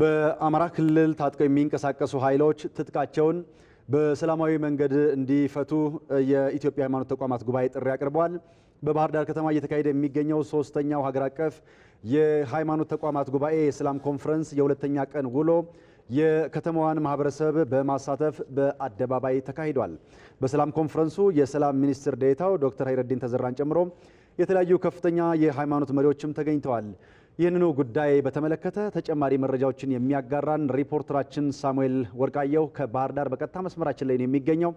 በአማራ ክልል ታጥቀው የሚንቀሳቀሱ ኃይሎች ትጥቃቸውን በሰላማዊ መንገድ እንዲፈቱ የኢትዮጵያ ሃይማኖት ተቋማት ጉባኤ ጥሪ አቅርበዋል። በባህር ዳር ከተማ እየተካሄደ የሚገኘው ሶስተኛው ሀገር አቀፍ የሃይማኖት ተቋማት ጉባኤ የሰላም ኮንፈረንስ የሁለተኛ ቀን ውሎ የከተማዋን ማህበረሰብ በማሳተፍ በአደባባይ ተካሂዷል። በሰላም ኮንፈረንሱ የሰላም ሚኒስትር ዴታው ዶክተር ሀይረዲን ተዘራን ጨምሮ የተለያዩ ከፍተኛ የሃይማኖት መሪዎችም ተገኝተዋል። ይህንኑ ጉዳይ በተመለከተ ተጨማሪ መረጃዎችን የሚያጋራን ሪፖርተራችን ሳሙኤል ወርቃየው ከባህር ዳር በቀጥታ መስመራችን ላይ ነው የሚገኘው።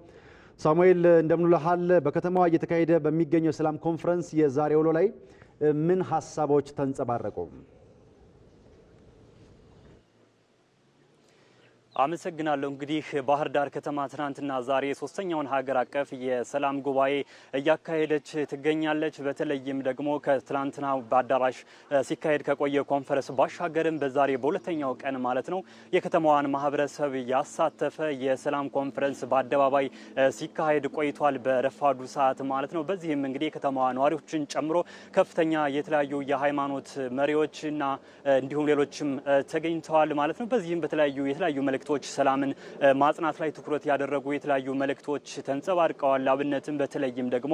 ሳሙኤል እንደምንልሃል። በከተማዋ እየተካሄደ በሚገኘው የሰላም ኮንፈረንስ የዛሬ ውሎ ላይ ምን ሀሳቦች ተንጸባረቁ? አመሰግናለሁ። እንግዲህ ባህር ዳር ከተማ ትናንትና ዛሬ ሶስተኛውን ሀገር አቀፍ የሰላም ጉባኤ እያካሄደች ትገኛለች። በተለይም ደግሞ ከትናንትና በአዳራሽ ሲካሄድ ከቆየ ኮንፈረንስ ባሻገርም በዛሬ በሁለተኛው ቀን ማለት ነው የከተማዋን ማህበረሰብ ያሳተፈ የሰላም ኮንፈረንስ በአደባባይ ሲካሄድ ቆይቷል፣ በረፋዱ ሰዓት ማለት ነው። በዚህም እንግዲህ የከተማዋ ነዋሪዎችን ጨምሮ ከፍተኛ የተለያዩ የሃይማኖት መሪዎችና እንዲሁም ሌሎችም ተገኝተዋል ማለት ነው። በዚህም በተለያዩ የተለያዩ መልእክቶች ሰላምን ማጽናት ላይ ትኩረት ያደረጉ የተለያዩ መልእክቶች ተንጸባርቀዋል። አብነትም በተለይም ደግሞ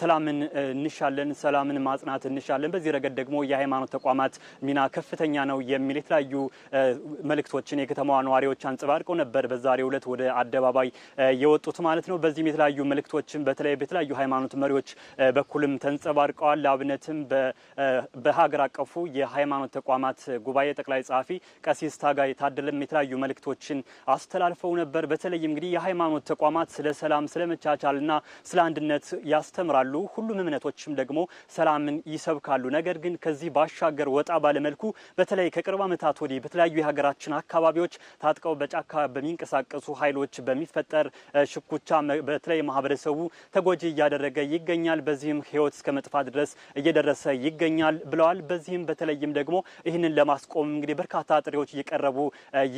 ሰላምን እንሻለን፣ ሰላምን ማጽናት እንሻለን፣ በዚህ ረገድ ደግሞ የሃይማኖት ተቋማት ሚና ከፍተኛ ነው የሚል የተለያዩ መልእክቶችን የከተማዋ ነዋሪዎች አንጸባርቀው ነበር በዛሬው ዕለት ወደ አደባባይ የወጡት ማለት ነው። በዚህም የተለያዩ መልእክቶችን በተለይ በተለያዩ ሃይማኖት መሪዎች በኩልም ተንጸባርቀዋል። ለአብነትም በሀገር አቀፉ የሃይማኖት ተቋማት ጉባኤ ጠቅላይ ጸሐፊ ቀሲስ ታጋይ ታደለም የተለያዩ መልእክቶች መልእክቶችን አስተላልፈው ነበር። በተለይም እንግዲህ የሃይማኖት ተቋማት ስለ ሰላም፣ ስለ መቻቻልና ስለ አንድነት ያስተምራሉ። ሁሉም እምነቶችም ደግሞ ሰላምን ይሰብካሉ። ነገር ግን ከዚህ ባሻገር ወጣ ባለመልኩ በተለይ ከቅርብ ዓመታት ወዲህ በተለያዩ የሀገራችን አካባቢዎች ታጥቀው በጫካ በሚንቀሳቀሱ ኃይሎች በሚፈጠር ሽኩቻ በተለይ ማህበረሰቡ ተጎጂ እያደረገ ይገኛል። በዚህም ህይወት እስከ መጥፋት ድረስ እየደረሰ ይገኛል ብለዋል። በዚህም በተለይም ደግሞ ይህንን ለማስቆም እንግዲህ በርካታ ጥሪዎች እየቀረቡ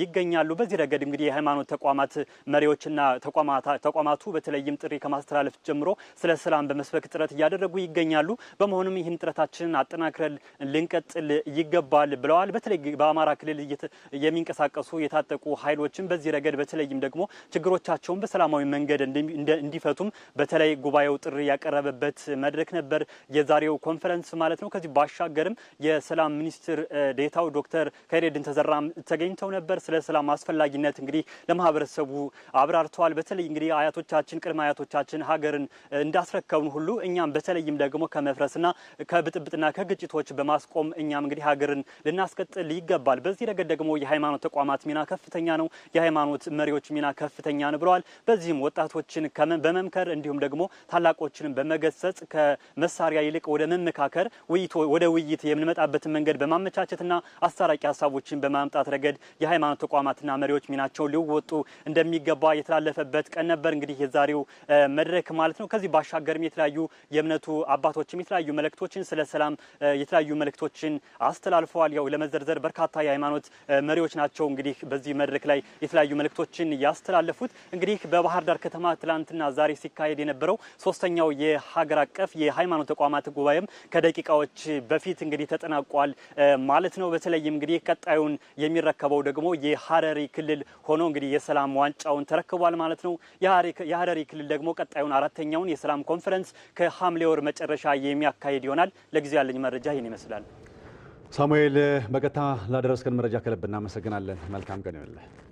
ይገኛሉ። በዚህ በዚህ ረገድ እንግዲህ የሃይማኖት ተቋማት መሪዎችና ተቋማቱ በተለይም ጥሪ ከማስተላለፍ ጀምሮ ስለ ሰላም በመስበክ ጥረት እያደረጉ ይገኛሉ። በመሆኑም ይህን ጥረታችንን አጠናክረን ልንቀጥል ይገባል ብለዋል። በተለይ በአማራ ክልል የሚንቀሳቀሱ የታጠቁ ኃይሎችን በዚህ ረገድ በተለይም ደግሞ ችግሮቻቸውን በሰላማዊ መንገድ እንዲፈቱም በተለይ ጉባኤው ጥሪ ያቀረበበት መድረክ ነበር የዛሬው ኮንፈረንስ ማለት ነው። ከዚህ ባሻገርም የሰላም ሚኒስትር ዴታው ዶክተር ከይሬድን ተዘራም ተገኝተው ነበር። ስለ ሰላም አስፈላጊ አስፈላጊነት እንግዲህ ለማህበረሰቡ አብራርተዋል። በተለይ እንግዲህ አያቶቻችን ቅድመ አያቶቻችን ሀገርን እንዳስረከብን ሁሉ እኛም በተለይም ደግሞ ከመፍረስና ከብጥብጥና ከግጭቶች በማስቆም እኛም እንግዲህ ሀገርን ልናስቀጥል ይገባል። በዚህ ረገድ ደግሞ የሃይማኖት ተቋማት ሚና ከፍተኛ ነው፣ የሃይማኖት መሪዎች ሚና ከፍተኛ ነው ብለዋል። በዚህም ወጣቶችን በመምከር እንዲሁም ደግሞ ታላቆችንም በመገሰጽ ከመሳሪያ ይልቅ ወደ መመካከር ወደ ውይይት የምንመጣበትን መንገድ በማመቻቸትና አስታራቂ ሀሳቦችን በማምጣት ረገድ የሃይማኖት ተቋማትና መሪዎች መሪዎች ሚናቸው ሊወጡ እንደሚገባ የተላለፈበት ቀን ነበር እንግዲህ የዛሬው መድረክ ማለት ነው። ከዚህ ባሻገርም የተለያዩ የእምነቱ አባቶችም የተለያዩ መልእክቶችን ስለ ሰላም የተለያዩ መልእክቶችን አስተላልፈዋል። ያው ለመዘርዘር በርካታ የሃይማኖት መሪዎች ናቸው እንግዲህ በዚህ መድረክ ላይ የተለያዩ መልእክቶችን ያስተላለፉት። እንግዲህ በባህር ዳር ከተማ ትላንትና ዛሬ ሲካሄድ የነበረው ሶስተኛው የሀገር አቀፍ የሃይማኖት ተቋማት ጉባኤም ከደቂቃዎች በፊት እንግዲህ ተጠናቋል ማለት ነው። በተለይም እንግዲህ ቀጣዩን የሚረከበው ደግሞ የሀረሪ ክልል ክልል ሆኖ እንግዲህ የሰላም ዋንጫውን ተረክቧል ማለት ነው። የሀረሪ ክልል ደግሞ ቀጣዩን አራተኛውን የሰላም ኮንፈረንስ ከሐምሌ ወር መጨረሻ የሚያካሂድ ይሆናል። ለጊዜው ያለኝ መረጃ ይህን ይመስላል። ሳሙኤል፣ በቀጥታ ላደረስከን መረጃ ከልብ እናመሰግናለን። መልካም ቀን ይሆንልህ።